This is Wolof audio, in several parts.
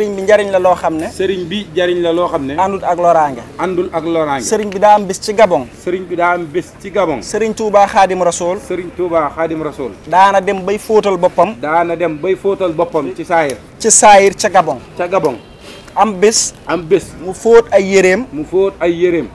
sëriñ bi njariñ la loo xam ne sëriñ bi njariñ la loo xam ne àndul ak loraange àndul ak loraange sëriñ bi daa am bis ci gabon sëriñ bi daa am bis ci gabon sëriñ Touba Xaadim Rasool sëriñ Touba Xaadim Rasool daana dem bay fóotal boppam daana dem bay fóotal boppam ci saayir ci saayir ca gabon ca gabon am bis am bés mu fóot ay yéreem mu fóot ay yéreem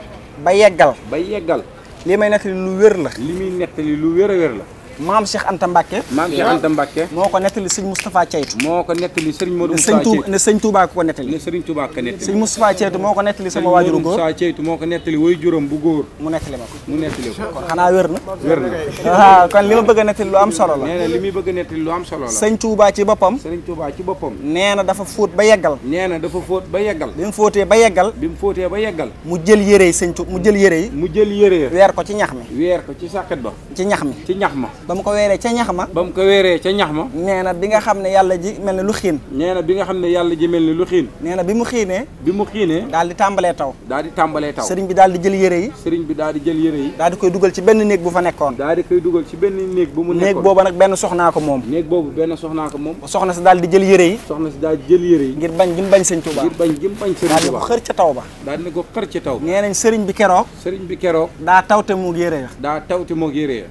ba yeggal ba yeggal li may nettali lu wér la li wér la mam Cheikh Anta Mbacke mam Cheikh Anta Mbacke moko netali serigne mustapha Moustapha moko netali serigne Modou Moustapha Ceytu ne serigne Touba ko netali ne serigne Touba ko netali serigne mustapha Ceytu moko netali sama wajuru góor mustapha Ceytu moko netali way juróom bu góor mu netali mako mu netali ko xana xanaa wér na ah, kon li ma bëgg a lu am solo la neena limi li muy bëgg a lu am solo la serigne Touba ci bopam serigne Touba ci bopam neena dafa foot ba yeggal neena dafa foot ba yeggal bi mu ba yeggal bi mu ba yeggal mu jël yéré serigne sëñ mu jël yéré mu jël yéré yi ya. ko ci ñax mi weer ko ci sàkket ba ci ñax mi ci ñax ma ba mu ko weeree ca ñax ma ba ko weeree ca ñax ma nee na bi nga xam ne yàlla ji mel ne lu xiin nee na bi xam ne yàlla ji mel ne lu xiin nee na bi mu xiinee bi mu xiinee daal di tàmbalee taw daal di tàmbalee taw sëriñ bi daal di jël yére yi sëriñ bi daal di jël yére yi daal di koy dugal ci benn néeg bu fa nekkoon daal di koy dugal ci benn néeg bu mu nekkoon nag benn soxnaa ko moom néeg boobu benn soxnaa ko moom soxna daal di jël yére yi soxna si di jël yére yi ngir bañ gi mu bañ sëñ Tuubaa ngir bañ gi mu bañ sëñ Tuubaa daal di ko xër ca taw ba daal ko xër ca taw nee nañ sëriñ bi keroog sëriñ bi keroog daa tawte mu yére ya daa taw tawte mu yére ya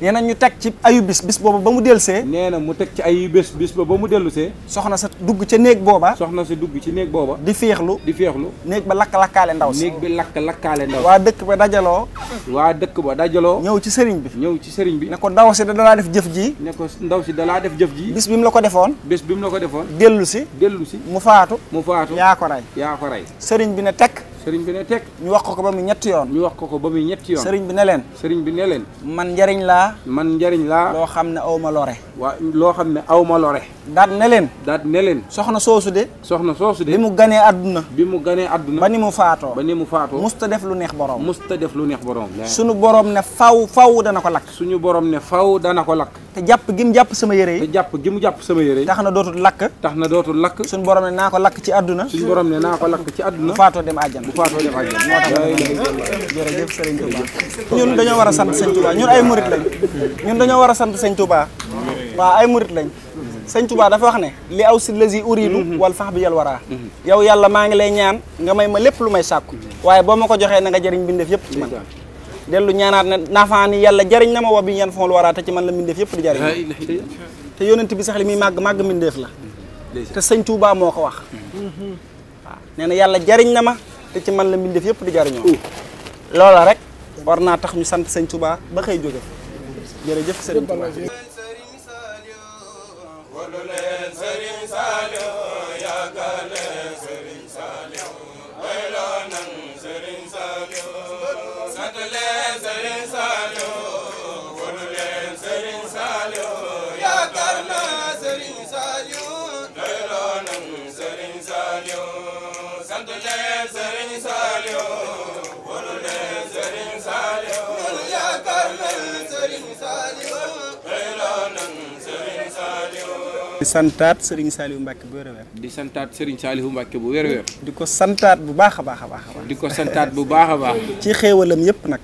nee na ñu teg ci ayu bis bis booba ba mu dellusee nee na mu teg ci ayu bis bis ba ba mu dellusee soxna sa dugg ca néeg booba soxna sa dugg ci néeg booba di féexlu di féexlu néeg ba lakk-lakkaale ndaw si néeg bi lakk-lakkaale ndaw si waa dëkk ba dajaloo waa dëkk ba dajaloo ñëw ci sëriñ bi ñëw ci sëriñ bi ne ko ndaw si da dalaa def jëf ji ne ko ndaw si dalaa def jëf ji bis bi mu la ko defoon bis bi mu la ko defoon dellu si dellu si mu faatu mu faatu yaa ko rey ko rey sëriñ bi ne teg sëriñ bi ne teg ñu wax ko ko ba muy ñetti yoon ñu wax ko ko ba muy ñetti yoon sëriñ bi ne leen sëriñ bi ne leen man njariñ laa man njariñ laa loo xam ne aw ma lore waa loo xam ne awma lore daat ne leen daat ne leen soxna soosu de soxna soosu de bi mu ganee àdduna bi mu ganee adduna ba ni mu faatoo ba ni mu faatoo musta def lu neex borom musta def lu neex borom suñu boroom ne faw faw dana ko lakk suñu borom ne faw dana ko lakk te jàpp gi mu jàpp sama yére yi jàpp gi mu jàpp sama yére yi tax na dootul lakk tax na dootul lakk suñ borom ne naa ko lakk ci àdduna suñ borom ne àdduna bu faatoo dem àjjana bu faatoo dem àjjana moo tax jërëjëf sëriñ Touba ñun dañoo war a sant sëñ Touba ñun ay murit lañ ñun dañoo war a sant sëñ Touba waaw ay murit lañ sëñ Touba dafa wax ne li aw si lasi uridu mhm. wal sax bi yal waraa mhm. yow yàlla maa ngi lay ñaan nga may ma lépp lu may sàkku waaye boo ma ko joxee na nga jëriñ bindef yëpp ci man dellu ñaanaat na nafaani yàlla jariñ na ma wa bi yan fon lu waraate ci man la mbindeef yëpp di jariñ te yonent bi sax li muy màgg màgg mbindeef la te sëñ Tuubaa moo ko wax waaw nee na yàlla jariñ na ma te ci man la mbindeef yëpp di jariñoo loola rek war naa tax ñu sant sëñ Tuubaa ba xëy jóge jërëjëf sëriñ Tuubaa Santat Serigne Saliou Mbacke bu wér a di santat Serigne Saliou Mbacke bu wér a wér di ko santaat bu baax a baax a baax di ko santaat bu baax a baax ci xéewalam yëpp nag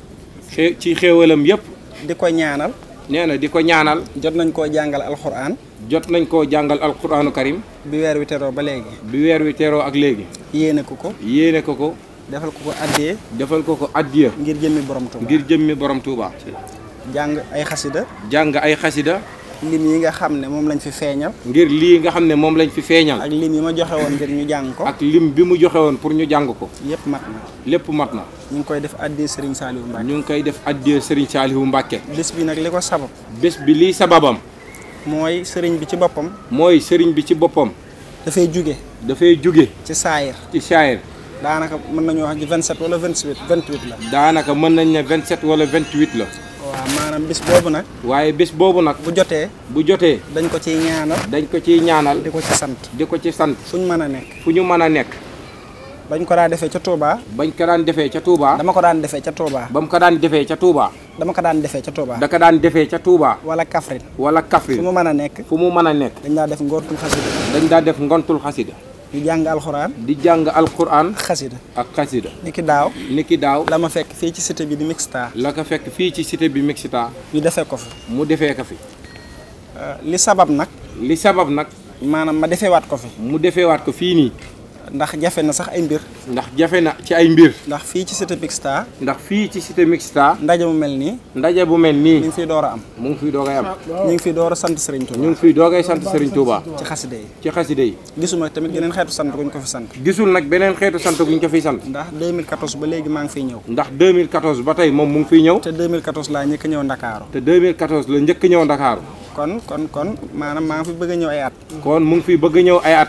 ci xéewalam yëpp di ñaanal nee ko ñaanal jot nañ koo jàngal alxuraan jot nañ koo karim bi weer wi teroo ba léegi bi weer wi teroo ak legi yene ko ko yéene ko ko defal ko ko addiye defal ko ko addiye ngir jëmmi borom Touba ngir jëmmi borom Touba jàng ay ay lim yi nga xam ne moom lañ fi feeñal. ngir lii nga xam ne moom lañ fi feeñal. ak lim yi ma joxe woon ngir ñu jàng ko. ak lim bi mu joxe woon pour ñu jàng ko. lépp mat na. lépp mat na. ñu ngi koy def addee Serigne Saliou Mbacke. ñu ngi koy def addee Serigne Saliou Mbacke. bés bi nag li ko sabab. bés bi lii sababam. mooy sëriñ bi ci boppam. mooy sëriñ bi ci boppam. dafay jóge dafay jóge ci saayir. ci saayir. daanaka mën nañu wax ci 27 wala 28. 28 la. daanaka mën nañ ne 27 wala 28 la. maanaam bis boobu nag. waaye bis boobu nag. bu jotee. bu jotee. dañ ko ciy ñaanal. dañ ko ciy ñaanal. di ko ci sant. di ko ci sant. fu mën a nekk. fu ñu mën a nekk. bañ ko daan defee ca Touba. bañ ko daan defee ca Touba. dama ko daan defee ca Touba. ba mu ko daan defee ca Touba. dama ko daan defee ca Touba. da ko daan defee ca Touba. wala Kaffrine. wala Kaffrine fu mu mën a nekk. fu mu mën a nekk. dañ daa def ngontul xasida. dañ daa def ngontul xasida. di jàng alxuraan. di jàng alxuraan. xasida ak xasida. niki daaw. niki daaw. la ma fekk fii ci cité bi di Mixta. la ko fekk fii ci cité bi Mixta. ñu defee ko fi. mu defee ko fi. Euh, li sabab nag. li sabab nag. maanaam ma waat ko fi. mu defeewaat ko fii nii. ndax jafé na sax ay mbir ndax jafé na ci ay mbir ndax fi ci cité mixta ndax fi ci cité mixta ndaje bu melni ndaje bu melni nii ñu ngi fiy am mu ngi fi doogay am ñu ngi fiy door a Serigne Touba ñu ngi fiy doogay sante Serigne Touba ci khasside yi ci khasside yi gisuma tamit yenen xéetu sante guñ ko fi sante gisul nak benen xéetu sante guñ ko fi sante ndax 2014 ba légui ma ngi fi ñew ndax 2014 ba tay mom mu ngi fi ñew te 2014 la ñëk ñew dakar te 2014 la ñëk ñew dakar kon kon kon manam ma ngi fi bëgg ñew ay at kon mu ngi fi bëgg ñew ay at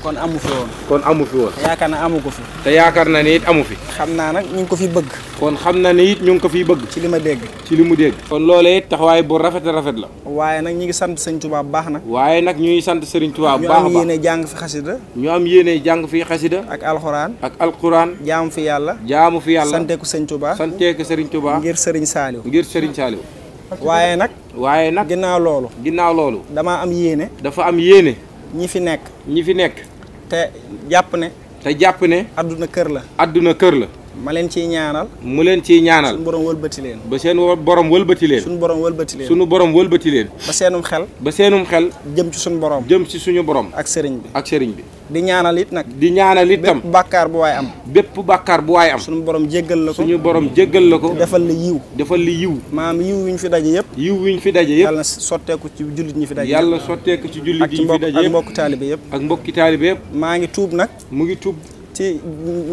kon amu fi woon. kon amu fi woon. yaakaar na amu ko fi. te yaakaar na ni it amu fi. xam naa nag ñu ngi ko fi bëgg. kon xam na ni it ñu ngi ko fiy bëgg. ci li ma dégg. ci li mu dégg. kon loolee it taxawaay bu rafet a rafet la. waaye nag ñu ngi sant sëñ Tuubaa bu baax nag. waaye nag ñuy sant sëriñ Tuubaa bu baax ñu am yéene jàng fi xasida. ñu am yéene jàng fi xasida. ak alxuraan. ak alxuraan. jaamu fi yàlla. jaamu fi yàlla santeeku sëñ Tuubaa. santeeku sëriñ Tuubaa. ngir sëriñ Saaliw. ngir sëriñ Saaliw. waaye nag. waaye nag ginnaaw loolu. ginnaaw loolu. damaa am yéene. dafa am yéene. ñi fi nekk. ñi fi nekk. te jàpp ne. te jàpp ne. adduna kër la. adduna kër la. ma leen ciy ñaanal. mu leen ciy ñaanal. suñu borom wëlbati leen. ba seen borom wëlbati leen. suñu borom wëlbati leen. suñu borom wëlbati leen. ba seenum xel. ba seenum xel. jëm ci suñu borom. jëm ci suñu borom. ak sëriñ bi ak sëriñ bi. di ñaanal it nag. di ñaanal it am bépp bàkkaar bu waay am. bépp bakkaar bu waaye am. suñu borom jéggal la ko suñu borom jéggal la ko. defal la yiw defal li yiw. maam yiw wi ñu fi daje yëpp. yiw wi ñu fi daje yëpp. yàlla sotteeku ci jullit ñu fi daje. yàlla sotteeku ci jullit ñu fi daje yëpp ak mbokk taalibe yëpp. ak mbokki taalibe yëpp. maa ngi tuub nag. mu ngi tuub ci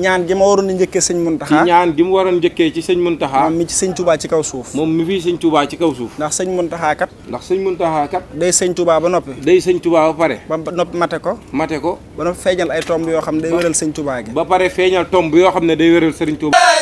ñaan gi ma waroon a njëkkee sëñ Muntaxa ci ñaan gi mu waroon njëkkee ci sëñ Muntaxa moom mi ci sëñ Touba ci kaw suuf moom mi fii sëñ Touba ci kaw suuf ndax sëñ Muntaxa kat ndax sëñ Muntaxa kat day sëñ tubaa ba noppi day sëñ Touba ba pare ba nopp mate ko mate ko ba noppi feeñal ay tomb yoo xam ne day wéral sëñ tubaa gi ba pare feeñal tomb yoo xam ne day wéral sëriñ Touba